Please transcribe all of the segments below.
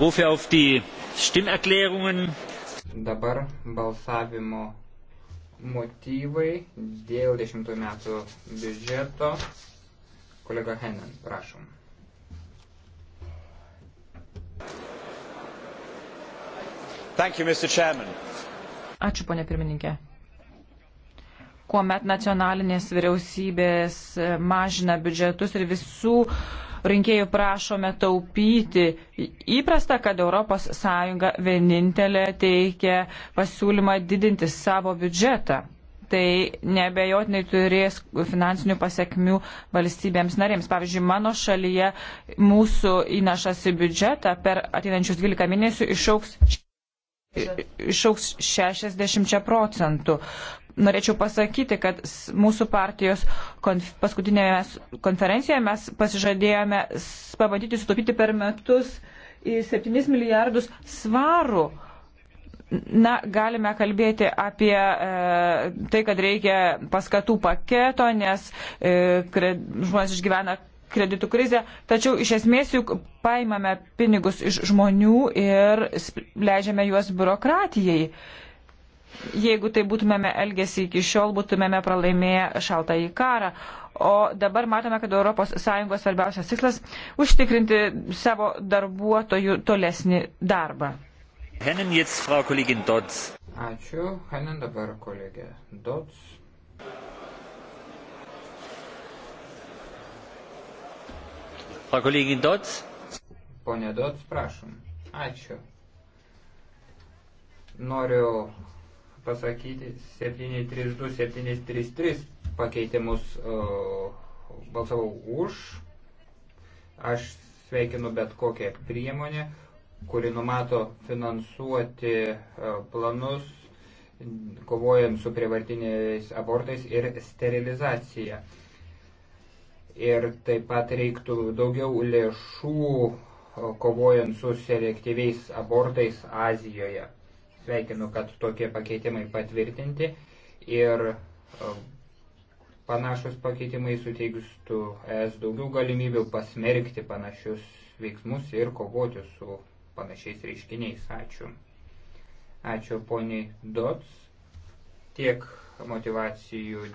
Dabar balsavimo motyvai dėl 10 metų biudžeto. Kolega Henan, prašom. Thank you, Mr. Chairman. Ačiū, ponė pirmininkė. Kuomet nacionalinės vyriausybės mažina biudžetus ir visų uh, rinkėjų prašome taupyti. Įprasta, kad ES vienintelė teikia pasiūlymą didinti savo biudžetą. Tai nebejotinai turės finansinių pasiekmių valstybėms narėms. Pavyzdžiui, mano šalyje mūsų įnašas į biudžetą per ateinančius 12 mėnesių išauks išauks 60 procentų norėčiau pasakyti, kad mūsų partijos konf paskutinėje konferencijoje mes pasižadėjome pabandyti sutaupyti per metus 7 milijardus svarų. Na, galime kalbėti apie e, tai, kad reikia paskatų paketo, nes e, kred, žmonės išgyvena kreditų krizę, tačiau iš esmės juk paimame pinigus iš žmonių ir leidžiame juos biurokratijai. E, jeigu tai būtumėme elgesi iki šiol, būtumėme pralaimėję šaltąjį karą. O dabar matome, kad ES svarbiausias tikslas - užtikrinti savo darbuotojų tolesnį darbą. Henin, jetzt, Frau Kollegin Dodds. Ačiū. Henin dabar kolegė Dodds. Frau Kollegin Dodds. Pone Dodds, prašom. Ačiū. Noriu pasakyti 732, 733 pakeitimus o, balsavau už. Aš sveikinu bet kokią priemonę, kuri numato finansuoti planus kovojant su prievartiniais abortais ir sterilizacija. Ir taip pat reiktų daugiau lėšų kovojant su selektyviais abortais Azijoje. Sveikinu, kad tokie pakeitimai patvirtinti ir e, panašus pakeitimai suteikstų es daugiau galimybių pasmerkti panašius veiksmus ir kovoti su panašiais reiškiniais. Ačiū. Ačiū poniai Dots. Tiek motivacijų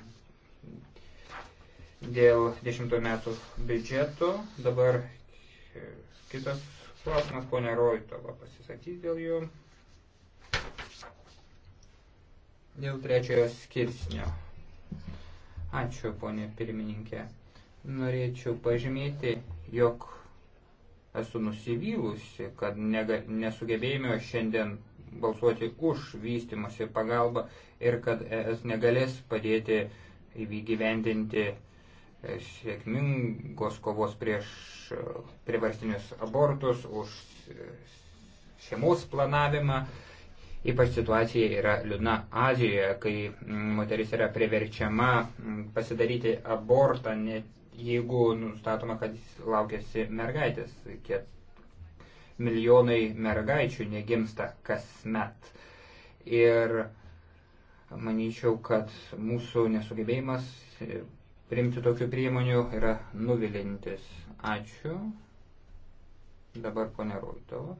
dėl 10 metų biudžeto. Dabar e, kitas klausimas, ponia Roitova pasisakys dėl jų. dėl trečiojo skirsnio. Ačiū, ponė pirmininkė. Norėčiau pažymėti, jog esu nusivylusi, kad nega, nesugebėjome šiandien balsuoti už vystimosi pagalbą ir kad ES negalės padėti įgyvendinti e, sėkmingos kovos prieš e, privarstinius abortus, už e, šeimos planavimą. Ypač situacija yra liūdna Azijoje, kai mm, moteris yra priverčiama mm, pasidaryti abortą, net jeigu nustatoma, kad laukėsi mergaitės. Kiek milijonai mergaičių negimsta kasmet. Ir manyčiau, kad mūsų nesugebėjimas e, priimti tokių priemonių yra nuvilintis. Ačiū. Dabar ponia Roitova.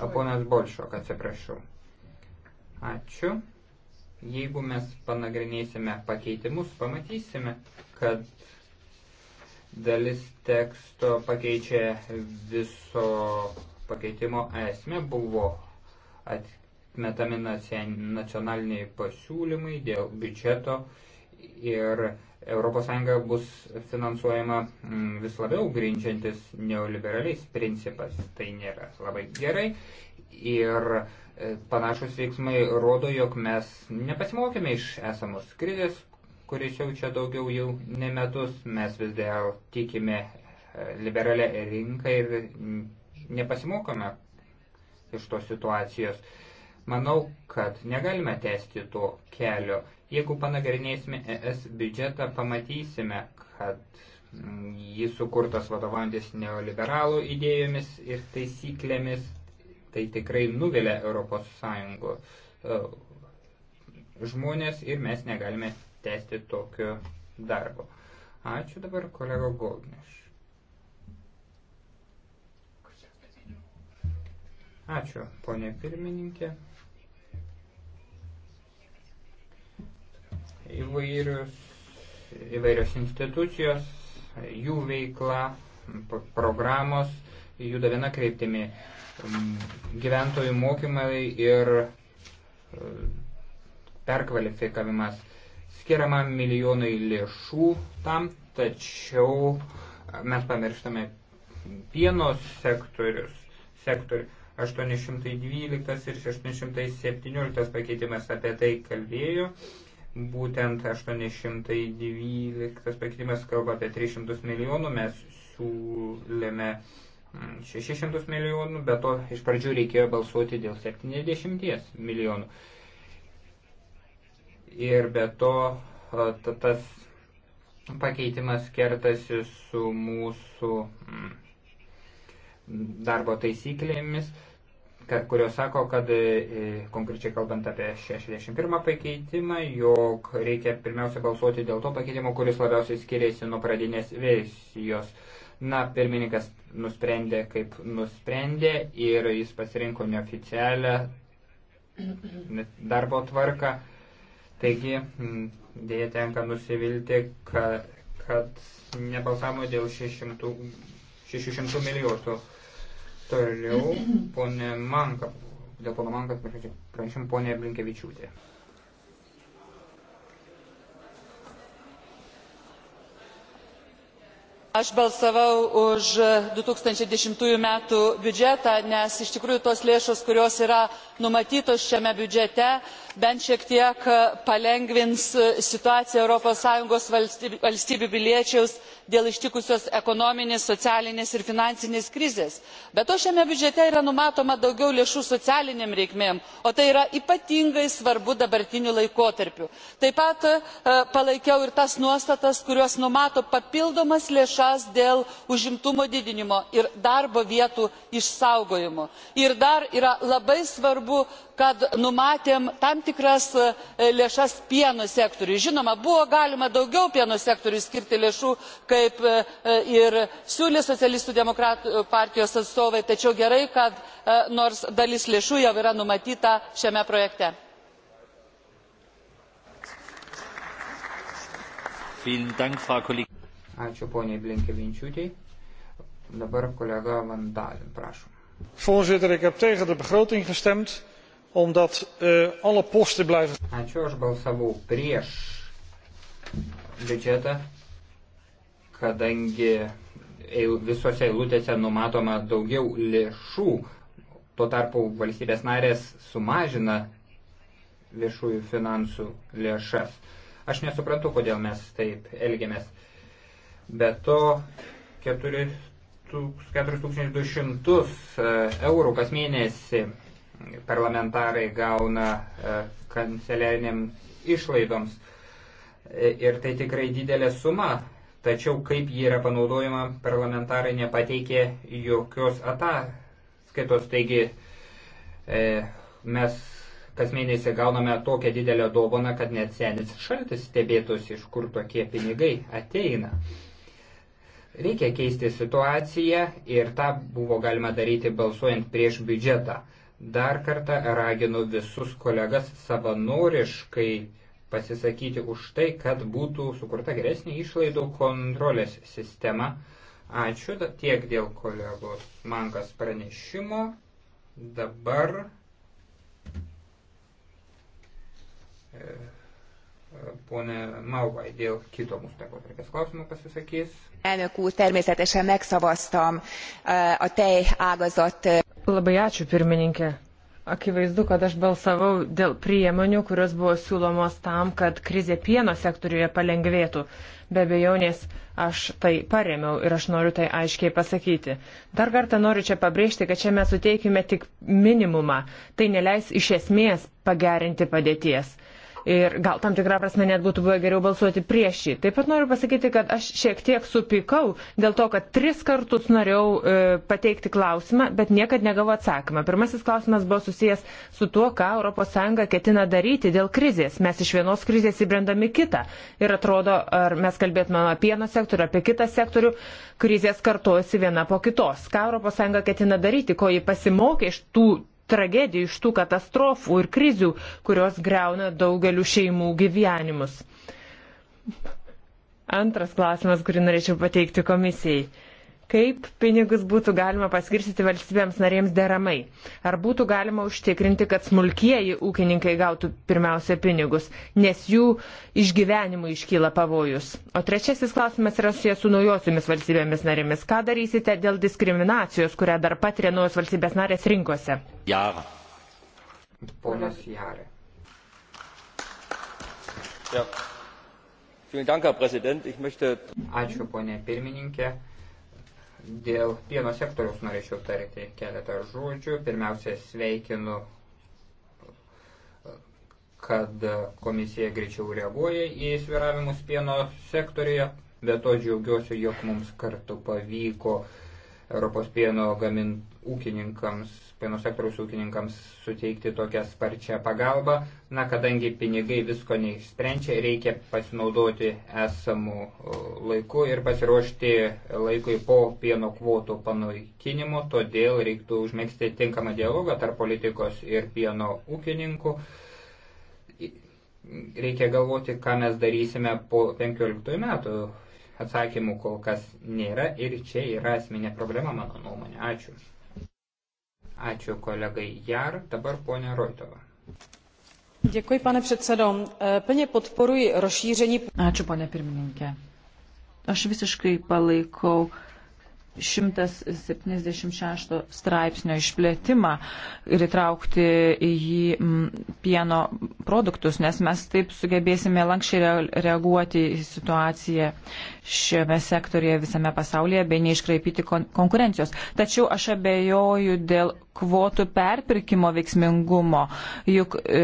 O ponas Bolšok, atsiprašau. Ačiū. Jeigu mes panagrinėsime pakeitimus, pamatysime, kad dalis teksto pakeičia viso pakeitimo esmę. Buvo atmetami nacionaliniai pasiūlymai dėl biudžeto ir ES bus finansuojama mm, vis labiau grindžiantis neoliberaliais principas. Tai nėra labai gerai. Ir e, panašus veiksmai rodo, jog mes nepasimokėme iš esamos krizės, kuris jau čia daugiau jau ne metus. Mes vis dėl tikime e, liberalią rinką ir nepasimokome iš tos situacijos. Manau, kad negalime tęsti to kelio. Jeigu panagrinėsime ES biudžetą, pamatysime, kad mm, jis sukurtas vadovantis neoliberalų idėjomis ir taisyklėmis. Tai tikrai nuvilia Europos Sąjungo e, žmonės ir mes negalime tęsti tokio darbo. Ačiū dabar kolego Goldneš. Ačiū, ponė pirmininkė. įvairius, įvairios institucijos, jų veikla, programos juda viena kreiptimi mm, gyventojų mokymai ir e, perkvalifikavimas. Skiriama milijonai lėšų tam, tačiau mes pamirštame pieno sektorius, sektorių 812 ir 617 pakeitimas apie tai kalbėjo būtent 812 pakeitimas kalba apie 300 milijonų, mes siūlėme 600 mm, milijonų, bet to iš pradžių reikėjo balsuoti dėl 70 milijonų. Ir be to tas pakeitimas kertasi su mūsų mm, darbo taisyklėmis kurios sako, kad e, e, konkrečiai kalbant apie 61 pakeitimą, jog reikia pirmiausia balsuoti dėl to pakeitimo, kuris labiausiai skiriasi nuo pradinės versijos. Na, pirmininkas nusprendė, kaip nusprendė ir jis pasirinko neoficialią darbo tvarką. Taigi, dėja tenka nusivilti, kad, kad nebalsavimo dėl 600, 600 milijonų. Toliau, ponė Manka, dėl pono Mankas, prašyčiau, pranešim ponė Blinkevičiūtė. aš balsavau už du tūkstančiai dešimt m. biudžetą nes iš tikrųjų tos lėšos kurios yra numatytos šiame biudžete bent šiek tiek palengvins situaciją europos sąjungos valstybių piliečiams dėl ištikusios ekonominės socialinės ir finansinės krizės. be to šiame biudžete yra numatoma daugiau lėšų socialinėms reikmėms o tai yra ypatingai svarbu dabartiniu laikotarpiu. taip pat e, palaikiau ir tas nuostatas kurios numato papildomas lėšas lėšas dėl užimtumo didinimo ir darbo vietų išsaugojimo. ir dar yra labai svarbu kad numatėme tam tikras e, lėšas pieno sektoriui. žinoma buvo galima daugiau pieno sektoriui skirti lėšų kaip e, e, ir siūlė socialistų demokratų partijos atstovai tačiau gerai kad nors dalis lėšų jau yra numatyta šiame projekte. Ačiū poniai Blinkevinčiūtei. Dabar kolega Vandalin, prašom. Voorzitter, ik heb tegen de begroting gestemd omdat uh, alle posten blijven. Ačiū, aš balsavau prieš biudžetą, kadangi visose eilutėse numatoma daugiau lėšų, tuo tarpu valstybės narės sumažina viešųjų finansų lėšas. Aš nesuprantu, kodėl mes taip elgiamės. Be to 4200 e, eurų kas mėnesį parlamentarai gauna e, kanceliariniams išlaidoms. E, ir tai tikrai didelė suma, tačiau kaip ji yra panaudojama, parlamentarai nepateikė jokios ataskaitos. Taigi mes kas mėnesį gauname tokią didelę dovaną, kad net senis šaltis stebėtųsi, iš kur tokie pinigai ateina. Reikia keisti situaciją ir tą buvo galima daryti balsuojant prieš biudžetą. Dar kartą raginu visus kolegas savanoriškai pasisakyti už tai, kad būtų sukurta geresnė išlaidų kontrolės sistema. Ačiū tiek dėl kolegos Mankas pranešimo. Dabar. E, Pone Malvai, dėl kito mūsų darbotvarkės klausimo pasisakys. Elnök úr, természetesen megszavaztam e, a tej ágazat. E, Labai ačiū, pirmininkė. Akivaizdu, kad aš balsavau dėl priemonių, kurios buvo siūlomos tam, kad krizė pieno sektoriuje palengvėtų. Be bejonės, aš tai paremiau ir aš noriu tai aiškiai pasakyti. Dar kartą noriu čia pabrėžti, kad čia mes suteikime tik minimumą. Tai neleis iš esmės pagerinti padėties. Ir gal tam tikrą prasme net būtų buvę geriau balsuoti prieš jį. Taip pat noriu pasakyti, kad aš šiek tiek supykau dėl to, kad tris kartus norėjau e, pateikti klausimą, bet niekad negavau atsakymą. Pirmasis klausimas buvo susijęs su tuo, ką ES ketina daryti dėl krizės. Mes iš vienos krizės įbrendami kitą. Ir atrodo, ar mes kalbėtume apie pieno sektorių, apie kitą sektorių, krizės kartojasi viena po kitos. Ką ES ketina daryti, ko jį pasimokė iš tų tragedijų, iš tų katastrofų ir krizių, kurios greuna daugelių šeimų gyvenimus. Antras klausimas, kurį norėčiau pateikti komisijai. Kaip pinigus būtų galima paskirstyti valstybėms narėms deramai? Ar būtų galima užtikrinti, kad smulkieji ūkininkai gautų pirmiausia pinigus, nes jų išgyvenimui iškyla pavojus? O trečiasis klausimas yra susijęs su naujosiomis valstybėmis narėmis. Ką darysite dėl diskriminacijos, kurią dar patiria naujos valstybės narės rinkose? Jarą. Ponas Jarė. Ja. Dank, Herr Präsident. Ich möchte... Ačiū, ponė pirmininkė. Dėl pieno sektoriaus norėčiau tarti keletą žodžių. Pirmiausia, sveikinu, kad komisija greičiau reaguoja į sviravimus pieno sektoriuje. Be to džiaugiuosi, jog mums kartu pavyko Europos pieno gamintojų ūkininkams, pieno sektoriaus ūkininkams suteikti tokią sparčią pagalbą. Na, kadangi pinigai visko neišsprendžia, reikia pasinaudoti esamų laikų ir pasiruošti laikui po pieno kvotų panaikinimo, todėl reiktų užmėgsti tinkamą dialogą tarp politikos ir pieno ūkininkų. Reikia galvoti, ką mes darysime po 15 metų atsakymų kol kas nėra ir čia yra asmenė problema mano nuomonė. Ačiū. Ačiū kolegai Jar, dabar ponė Roitova. Děkuji, pane předsedo. E, plně podporuji rozšíření. Ačiū, pane pirmininkė. Aš visiškai palaikau 176 straipsnio išplėtimą ir įtraukti į jį pieno produktus, nes mes taip sugebėsime lankščiai reaguoti į situaciją šiame sektorėje visame pasaulyje bei neiškraipyti konkurencijos. Tačiau aš abejoju dėl kvotų perpirkimo veiksmingumo, juk e,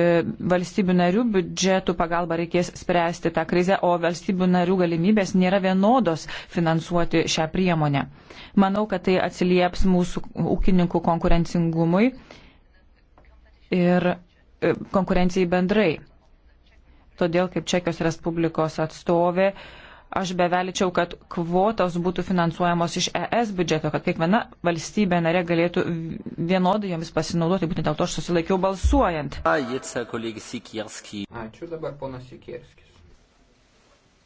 valstybių narių biudžetų pagalba reikės spręsti tą krizę, o valstybių narių galimybės nėra vienodos finansuoti šią priemonę. Manau, kad tai atsilieps mūsų ūkininkų konkurencingumui ir e, konkurencijai bendrai. Todėl, kaip Čekijos Respublikos atstovė, e, Aš beveličiau, kad kvotos būtų finansuojamos iš ES biudžeto, kad kiekviena valstybė narė galėtų vienodai jomis pasinaudoti, būtent dėl to aš susilaikiau balsuojant. Ah, Ačiū dabar ponas Sikierskis.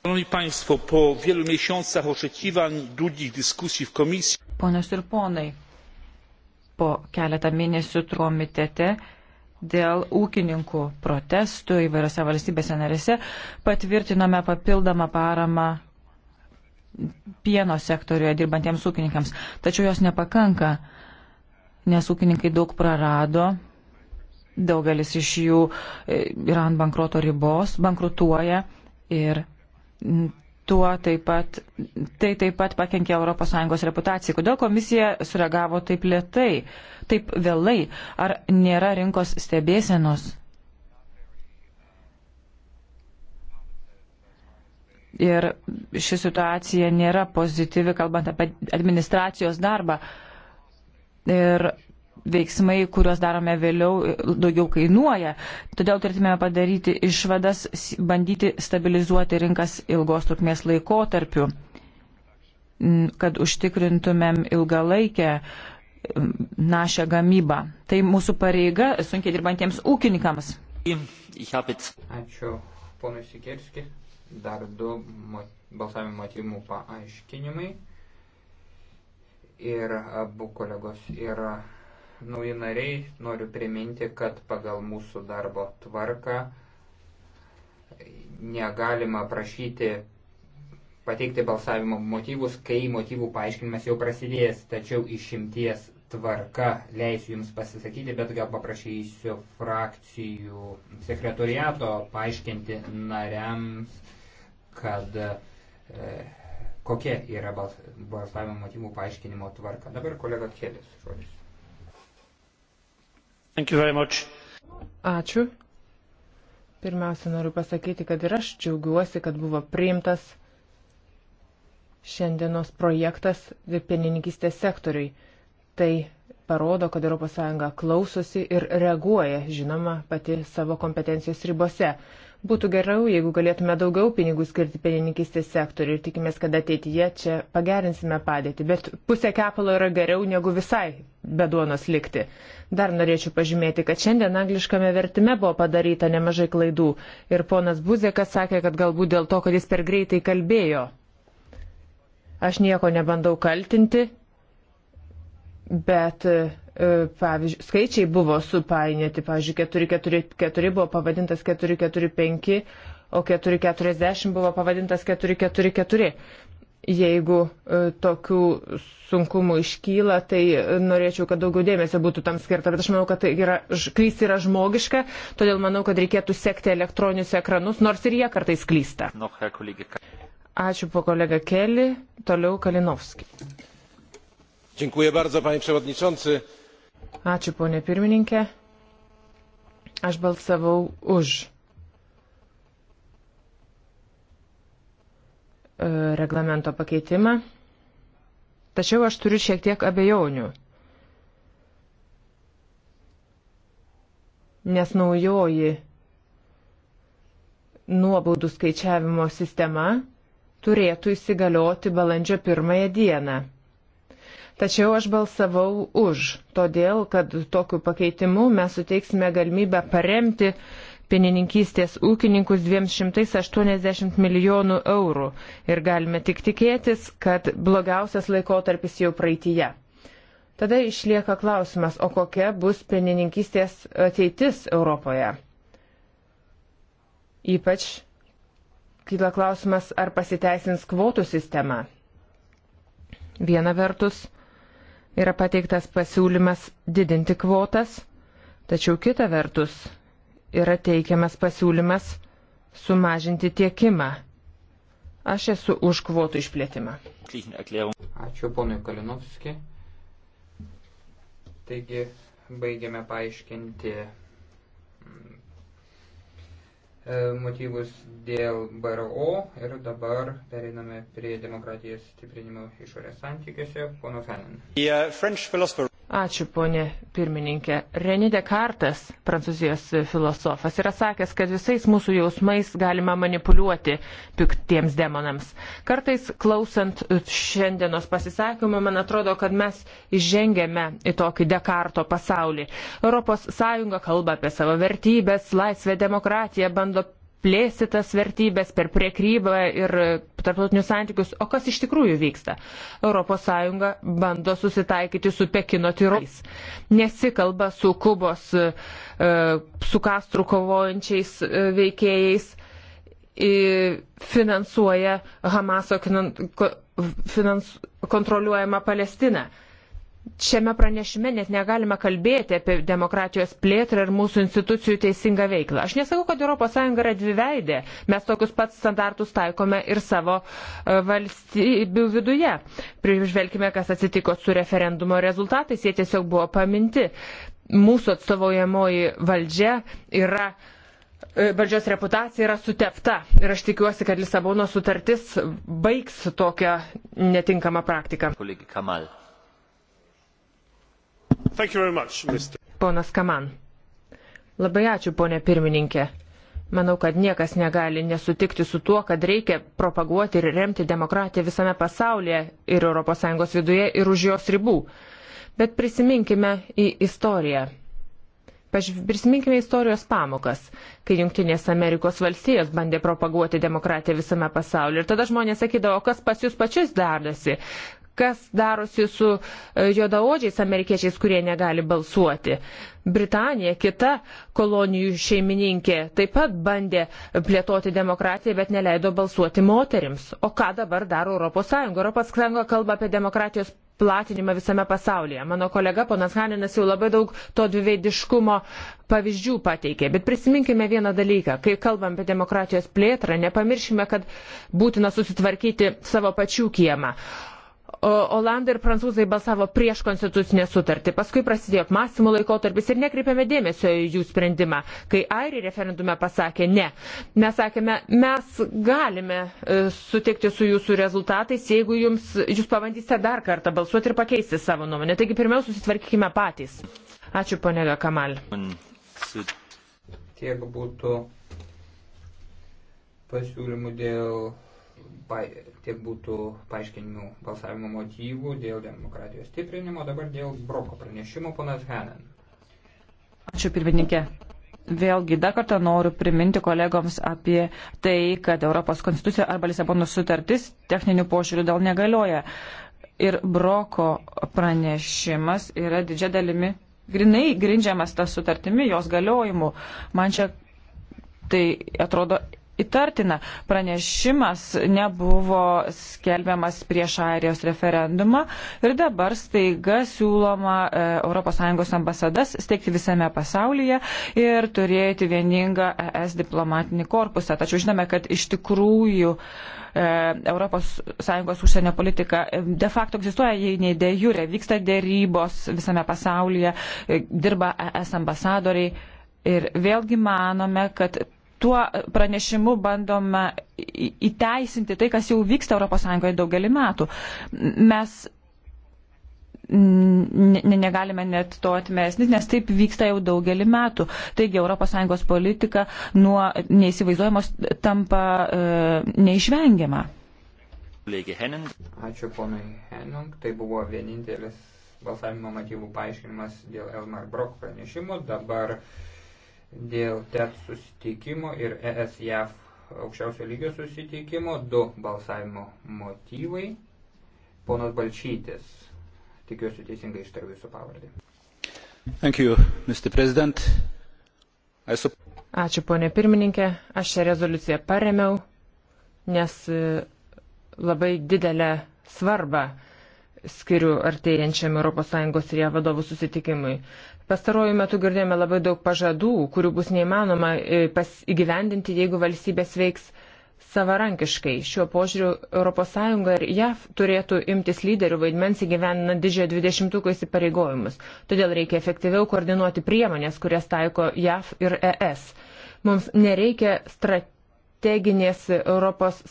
Szanowni Państwo, po wielu miesiącach oczekiwań, długich dyskusji w komisji. Ponios ir ponai, po keletą mėnesių tromitete dėl ūkininkų protestų įvairiose valstybėse narėse patvirtinome papildomą paramą pieno sektoriuje dirbantiems ūkininkams. Tačiau jos nepakanka, nes ūkininkai daug prarado, daugelis iš jų e, yra ant bankroto ribos, bankrutuoja ir tuo taip pat, tai taip pat pakenkė ES reputacijai. Kodėl komisija sureagavo taip lietai, taip vėlai? Ar nėra rinkos stebėsenos? Ir ši situacija nėra pozityvi, kalbant apie administracijos darbą. Ir veiksmai, kuriuos darome vėliau, daugiau kainuoja. Todėl turėtume padaryti išvadas, bandyti stabilizuoti rinkas ilgos trukmės laikotarpiu, kad užtikrintumėm ilgalaikę našę gamybą. Tai mūsų pareiga sunkiai dirbantiems ūkininkams. Ačiū, ponui Sikerski. Dar du balsavimo motyvų paaiškinimai ir abu kolegos yra nauji nariai, noriu priminti, kad pagal mūsų darbo tvarką negalima prašyti pateikti balsavimo motyvus, kai motyvų paaiškinimas jau prasidėjęs, tačiau išimties tvarka leisiu Jums pasisakyti, bet gal paprašysiu frakcijų sekretoriato paaiškinti nariams, kad e, kokia yra balsavimo motyvų paaiškinimo tvarka. Dabar kolega Kėlis, žodis. Ačiū. Pirmiausia, noriu pasakyti, kad ir aš džiaugiuosi, kad buvo priimtas šiandienos projektas pienininkistės sektoriui. Tai parodo, kad ES klausosi ir reaguoja, žinoma, pati savo kompetencijos ribose. Būtų geriau, jeigu galėtume daugiau pinigų skirti pienininkistės sektoriui ir tikimės, kad ateityje čia pagerinsime padėtį. Bet pusė kepalo yra geriau negu visai be duonos likti. Dar norėčiau pažymėti, kad šiandien angliškame vertime buvo padaryta nemažai klaidų ir ponas Buzekas sakė, kad galbūt dėl to, kad jis per greitai kalbėjo. Aš nieko nebandau kaltinti, bet E, pavyzdžiui, skaičiai buvo supainioti, pavyzdžiui, 444 buvo pavadintas 445, o 440 buvo pavadintas 444. Jeigu e, tokių sunkumų iškyla, tai e, norėčiau, kad daugiau dėmesio būtų tam skirta, bet aš manau, kad tai yra, klys yra žmogiška, todėl manau, kad reikėtų sekti elektroninius ekranus, nors ir jie kartais klysta. Ačiū po kolega Keli, toliau Kalinovski. Dziękuję bardzo, panie przewodniczący Ačiū, ponė pirmininkė. Aš balsavau už e, reglamento pakeitimą, tačiau aš turiu šiek tiek abejonių. nes naujoji nuobaudų skaičiavimo sistema turėtų įsigalioti balandžio pirmąją dieną. Tačiau aš balsavau už, todėl kad tokiu pakeitimu mes suteiksime galimybę paremti pienininkystės ūkininkus 280 milijonų eurų ir galime tik tikėtis, kad blogiausias laikotarpis jau praeitįje. Tada išlieka klausimas, o kokia bus pienininkystės ateitis Europoje? Ypač kyla klausimas, ar pasiteisins kvotų sistema. Viena vertus, yra pateiktas pasiūlymas didinti kvotas, tačiau kita vertus yra teikiamas pasiūlymas sumažinti tiekimą. Aš esu už kvotų išplėtimą. Ačiū ponui Kalinovskijai. Taigi, baigiame paaiškinti E, motyvus dėl BRO ir dabar periname prie demokratijos stiprinimo išorės santykiuose. Pono Fenin. Ačiū, ponė pirmininkė. René Descartes, prancūzijos filosofas, yra sakęs, kad visais mūsų jausmais galima manipuliuoti piktiems demonams. Kartais, klausant šiandienos pasisakymą, man atrodo, kad mes įžengėme į tokį Descartes pasaulį. ES kalba apie savo vertybės, laisvę, demokratiją, bando plėsti tas vertybės per priekybą ir tarptautinius santykius, o kas iš tikrųjų vyksta. ES bando susitaikyti su Pekino tyrais, nesikalba su Kubos, e, su Kastru kovojančiais e, veikėjais, e, finansuoja Hamaso finans, kontroliuojamą Palestiną šiame pranešime net negalime kalbėti apie demokratijos plėtrą ir mūsų institucijų teisingą veiklą. Aš nesakau, kad ES yra dviveidė, mes tokius pat standartus taikome ir savo e, valstybių viduje. Prižvelkime, kas atsitiko su referendumo rezultatais, jie tiesiog buvo paminti. Mūsų atstovaujamoji valdžia yra e, valdžios reputacija yra sutepta ir aš tikiuosi, kad Lisabono sutartis baigs tokią netinkamą praktiką. Kolegė Kamal. Much, Mr. Ponas Kaman. Labai ačiū, ponė pirmininkė. Manau, kad niekas negali nesutikti su tuo, kad reikia propaguoti ir remti demokratiją visame pasaulyje ir ES viduje ir už jos ribų. Bet prisiminkime į istoriją. Prisiminkime istorijos pamokas, kai Junktinės Amerikos valstijos bandė propaguoti demokratiją visame pasaulyje. Ir tada žmonės sakydavo, kas pas jūs pačius darasi, kas darosi su e, juodaodžiais amerikiečiais, kurie negali balsuoti. Britanija, kita kolonijų šeimininkė, taip pat bandė plėtoti demokratiją, bet neleido balsuoti moterims. O ką dabar daro ES? ES kalba apie demokratijos platinimą visame pasaulyje. Mano kolega ponas Haninas jau labai daug to dviveidiškumo pavyzdžių pateikė. Bet prisiminkime vieną dalyką. Kai kalbam apie demokratijos plėtrą, nepamirškime, kad būtina susitvarkyti savo pačių kiemą. Olandai ir prancūzai balsavo prieš konstitucinę sutartį. Paskui prasidėjo apmąstymų laikotarpis ir nekreipėme dėmesio į jų sprendimą, kai airiai referendume pasakė ne. Mes sakėme, mes galime e, sutikti su jūsų rezultatais, jeigu jums, jūs pabandysite dar kartą balsuoti ir pakeisti savo nuomonę. Taigi pirmiausia, susitvarkykime patys. Ačiū, ponė Kamal. Tiek būtų pasiūlymų dėl pa, tiek būtų paaiškinimų balsavimo motyvų dėl demokratijos stiprinimo, dabar dėl broko pranešimo ponas Hanen. Ačiū pirmininkė. Vėlgi dar kartą noriu priminti kolegoms apie tai, kad Europos konstitucija arba Lisabonos sutartis techninių požiūrių dėl negalioja. Ir broko pranešimas yra didžia dalimi grinai grindžiamas tą sutartimi, jos galiojimu. Man čia tai atrodo įtartina. Pranešimas nebuvo skelbiamas prieš Airijos referendumą ir dabar staiga siūloma ES ambasadas steigti visame pasaulyje ir turėti vieningą ES diplomatinį korpusą. Tačiau žinome, kad iš tikrųjų ES užsienio politika e, de facto egzistuoja, jei ne de jure, vyksta dėrybos visame pasaulyje, e, dirba ES ambasadoriai. Ir vėlgi manome, kad tuo pranešimu bandoma įteisinti tai, kas jau vyksta ES daugelį metų. Mes ne, negalime net to atmesti, nes taip vyksta jau daugelį metų. Taigi ES politika nuo neįsivaizduojamos tampa e, neišvengiama. Ačiū ponui Henung, tai buvo vienintelis balsavimo motyvų paaiškinimas dėl Elmar Brok pranešimo. Dabar dėl TEP susitikimo ir ES-JAF aukščiausio lygio susitikimo, du balsavimo motyvai. Ponas Balčytis, tikiuosi teisingai ištariu jūsų pavardį. Thank you, Mr. President. Esu... Ačiū, ponė pirmininkė. Aš šią rezoliuciją paremiau, nes e, labai didelę svarbą skiriu artėjančiam ES ir ją vadovų susitikimui. Pastaruoju metu girdėjome labai daug pažadų, kurių bus neįmanoma e, įgyvendinti, jeigu valstybės veiks savarankiškai. Šiuo požiūriu ES ir JAV turėtų imtis lyderių vaidmens įgyvendinant didžiojo dvidešimtuko įsipareigojimus. Todėl reikia efektyviau koordinuoti priemonės, kurias taiko JAV ir ES. Mums nereikia strategijos strateginės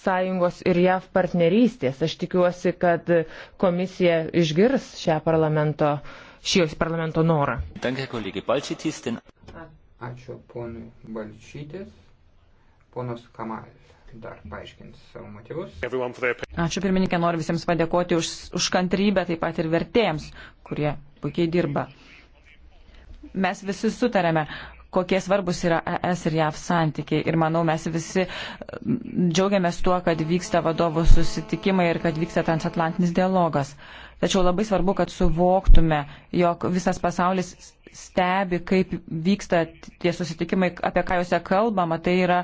ES ir JAV partnerystės. Aš tikiuosi, kad komisija išgirs šią parlamento, šios parlamento norą. Ačiū ponui Balčytis. Ponas Kamalis dar paaiškins savo motyvus. Ačiū pirmininkė, noriu visiems padėkoti už, už kantrybę, taip pat ir vertėjams, kurie puikiai dirba. Mes visi sutarėme, kokie svarbus yra ES ir JAV santykiai. Ir manau, mes visi džiaugiamės tuo, kad vyksta vadovų susitikimai ir kad vyksta transatlantinis dialogas. Tačiau labai svarbu, kad suvoktume, jog visas pasaulis stebi, kaip vyksta tie susitikimai, apie ką juose kalbama, tai yra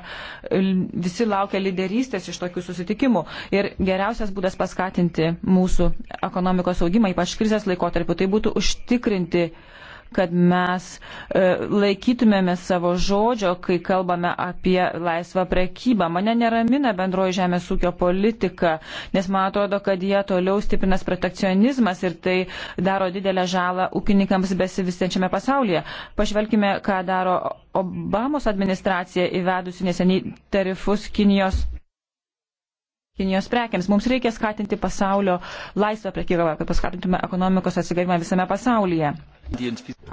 visi laukia lyderystės iš tokių susitikimų. Ir geriausias būdas paskatinti mūsų ekonomikos augimą, ypač krizės laikotarpiu, tai būtų užtikrinti uh, kad mes e, laikytumėme savo žodžio, kai kalbame apie laisvą prekybą. Mane neramina bendroji žemės ūkio politika, nes man atrodo, kad jie toliau stiprinas protekcionizmas ir tai daro didelę žalą ūkininkams besivystančiame pasaulyje. Pažvelkime, ką daro Obamos administracija įvedusi neseniai tarifus Kinijos Kinijos prekiams. Mums reikia skatinti pasaulio laisvą prekybą, kad paskatintume ekonomikos atsigavimą visame pasaulyje.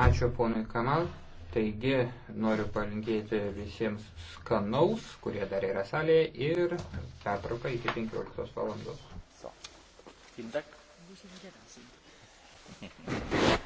Ačiū ponui Kamal. Taigi noriu palinkėti visiems skanaus, kurie dar yra salėje ir pertrauką iki 15 valandos. So. Vielen Dank.